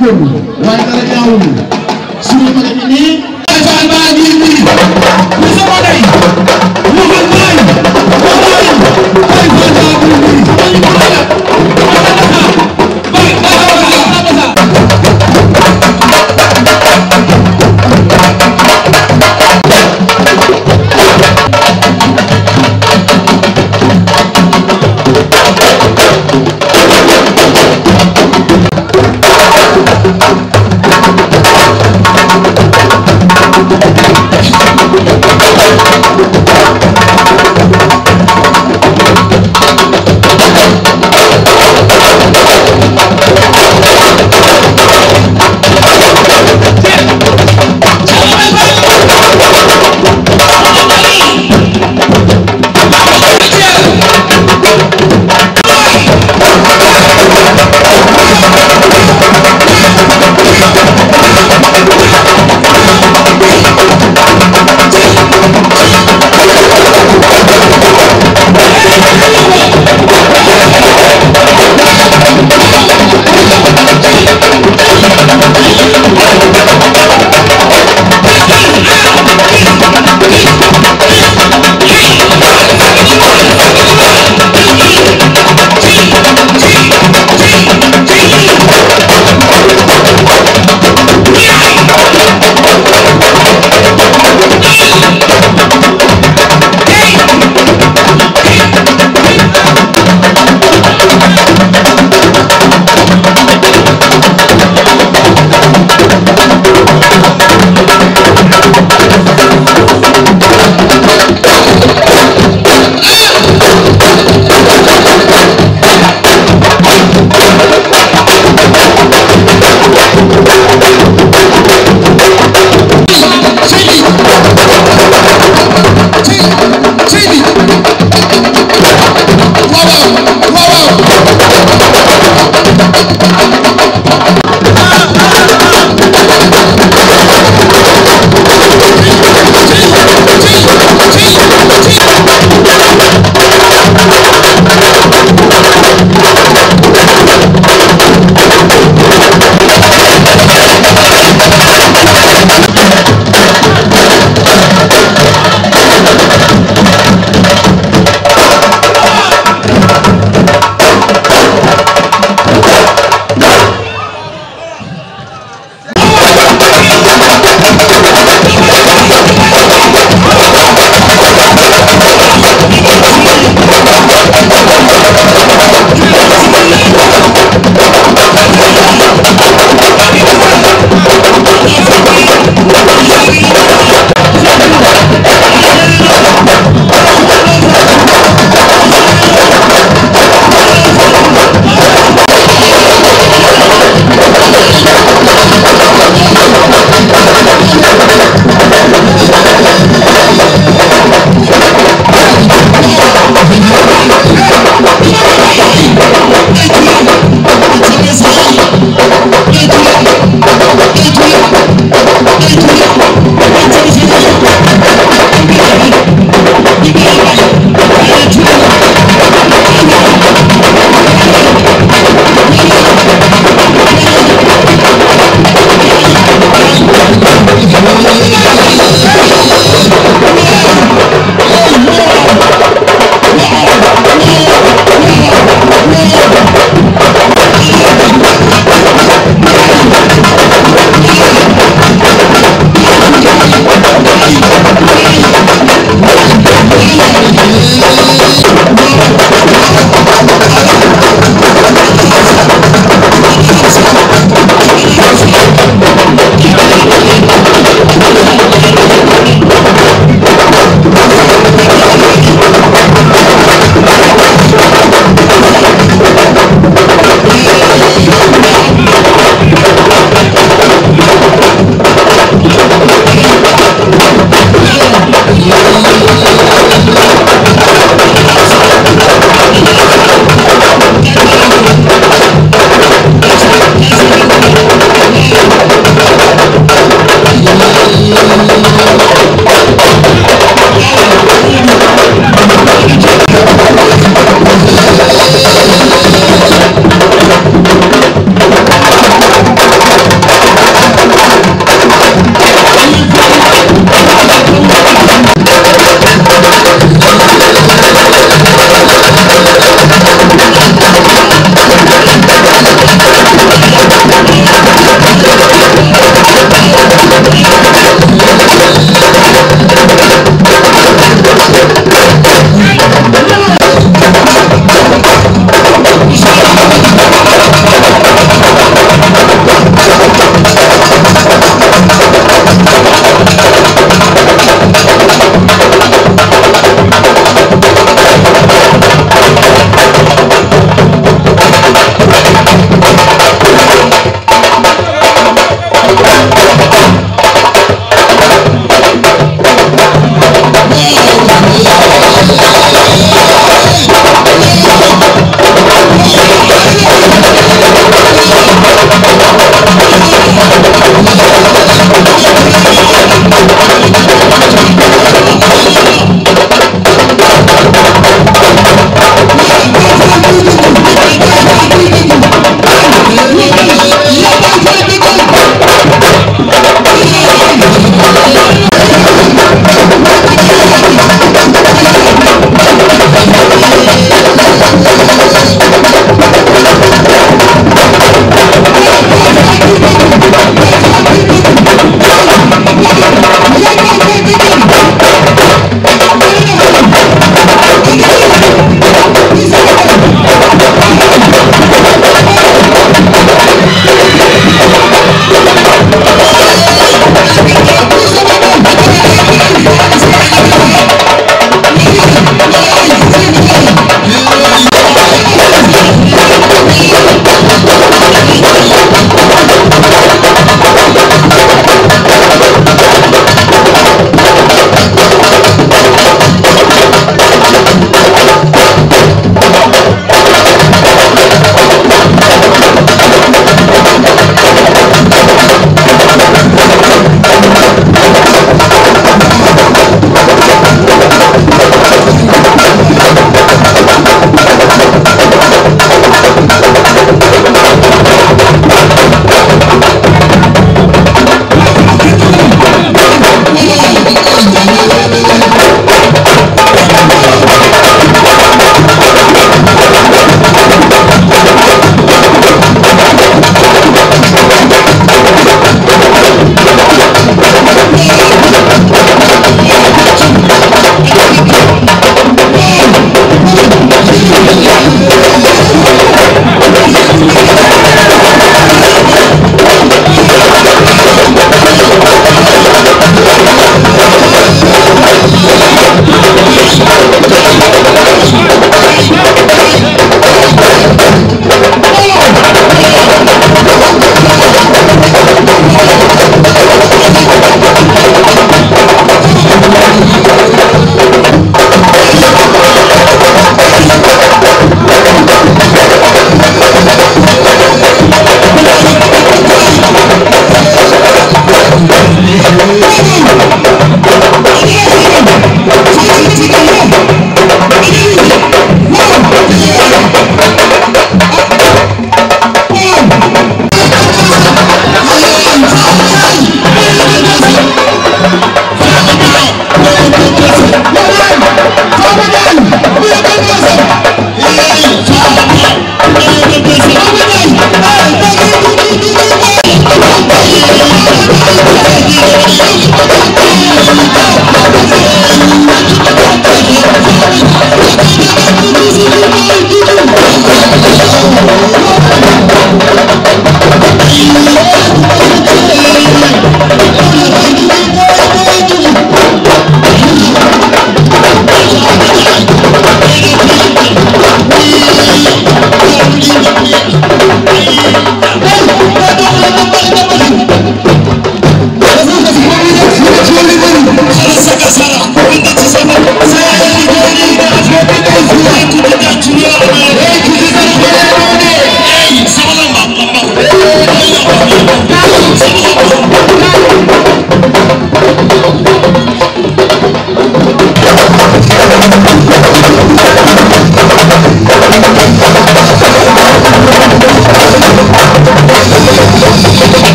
génn waaye dara ñaawul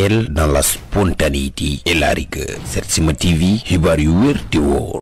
réel dans la spontanéité et la rigueur Setsima TV xibaar yu wér te wóor